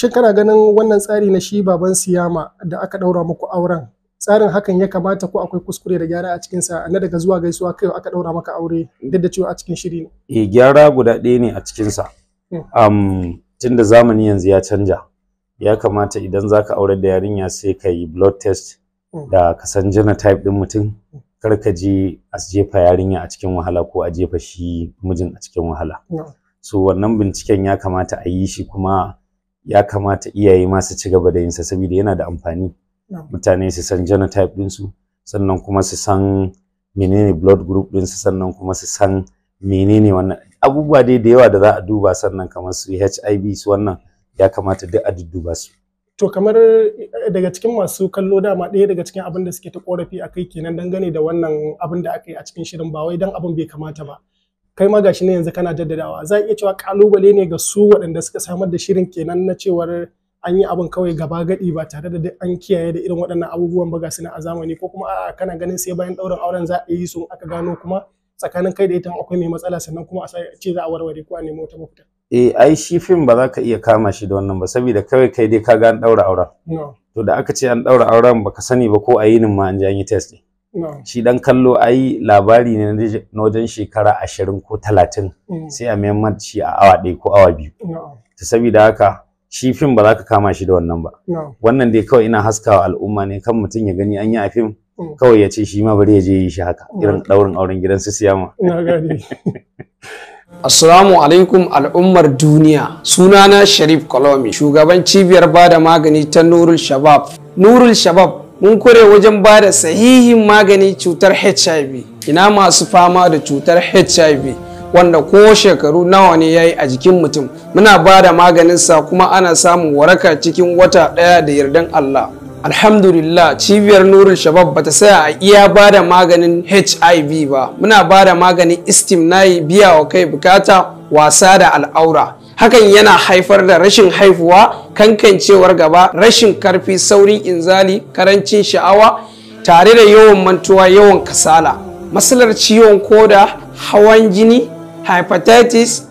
shin kana ganin wannan tsari na shi baban siyama da aka ɗaura muku auren tsarin hakan ya kamata ko akwai kuskure da gyara a cikinsa na daga zuwa gaisuwa kai aka ɗaura maka aure duk da cewa a cikin shiri ne eh, gyara guda ɗaya ne a cikinsa um, tunda zamani yanzu ya canja ya kamata idan zaka aure da yarinya sai ka yi blood test hmm. da ka san genotype ɗin mutum hmm. kar ka je a jefa yarinya a cikin wahala ko a jefa shi mijin a cikin wahala so wannan binciken ya kamata a yi shi kuma ya kamata iyaye ma su ci gaba da yinsa saboda yana da amfani mutane su san genotype ɗinsu sannan kuma su san menene blood group ɗinsu sannan kuma su san menene wannan abubuwa dai da yawa da za a duba sannan kamar su hiv su wannan ya kamata duk a dudduba su to kamar daga cikin masu kallo dama ɗaya daga cikin abin da suke ta korafi a kai kenan dangane da wannan abin da aka yi a cikin shirin ba wai dan abin bai kamata ba kai ma gashi ne yanzu kana jaddadawa za a iya cewa kalubale ne ga su waɗanda suka samar da shirin kenan na cewar an yi abin kawai gaba gadi ba tare da duk an kiyaye da irin waɗannan abubuwan ba ga su a zamani ko kuma a kana ganin sai bayan ɗaurin auren za a yi su aka gano kuma tsakanin kai da ita akwai mai matsala sannan kuma a ce za a warware ko a nemi wata mafita. eh ai shi fim ba za ka iya kama shi da wannan ba saboda kawai kai dai ka ga an ɗaura auren. to da aka ce an ɗaura auren baka sani ba ko a yinin ma an je an yi test ne. shi dan kallo ai labari ne na wajen shekara ashirin ko talatin mm. sai a mayan shi a awa ɗaya ko awa biyu ta saboda haka shi fim ba za ka kama shi da wannan ba wannan dai kawai ina haskawa al'umma ne kan mutum ya gani an yi a fim mm. kawai ya ce shi ma bari ya je yi shi haka mm. irin ɗaurin auren gidan su siyama Assalamu alaikum al'ummar duniya. Sunana Sharif Kolomi, shugaban cibiyar bada magani ta Nurul Shabab. Nurul Shabab mun kure wajen ba da sahihin magani cutar hiv ina masu fama da cutar hiv wanda ko shekaru nawa ne yayi a jikin mutum muna ba da maganin sa kuma ana samun waraka cikin wata ɗaya da yardan allah alhamdulillah cibiyar nurin shabab bata saya a iya ba da maganin hiv ba muna ba da maganin istimnayi biya wa kai bukata wasa da al'aura hakan yana haifar da rashin haifuwa kankancewar gaba rashin karfi saurin inzali karancin sha'awa tare da yawan mantuwa yawan kasala matsalar ciwon koda hawan jini hepatitis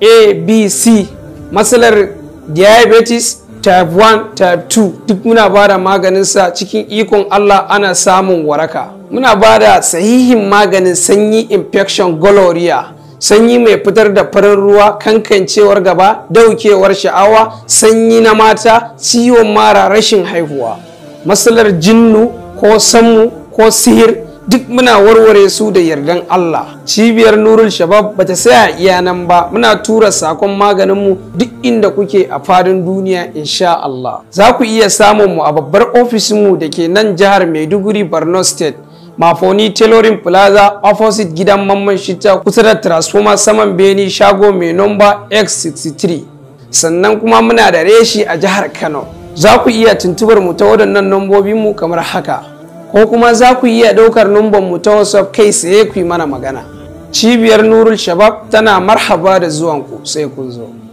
a b c matsalar diabetes type 1 type 2 duk muna ba da sa, cikin ikon Allah ana samun waraka muna ba da sahihin maganin sanyi infection gonorrhea sanyi mai fitar da farin ruwa kankancewar gaba daukewar sha'awa sanyi na mata ciwon mara rashin haihuwa matsalar jinnu ko sammu ko sihir duk muna warware su da yardan Allah cibiyar nurul shabab bata saya iya nan ba muna tura sakon maganinmu duk inda kuke a fadin duniya insha Allah za ku iya samun mu a babbar ofishinmu da ke nan jihar Maiduguri Borno State mafoni tailoring plaza opposite gidan mamman shitta kusa da transformer saman beni shago mai nomba x63 sannan kuma muna da reshi a jihar kano za ku iya tuntubar mu ta waɗannan mu kamar haka ko kuma za ku iya ɗaukar numban mu ta whatsapp kai sai ku yi mana magana cibiyar nurul shabab tana marhaba da zuwanku sai kun zo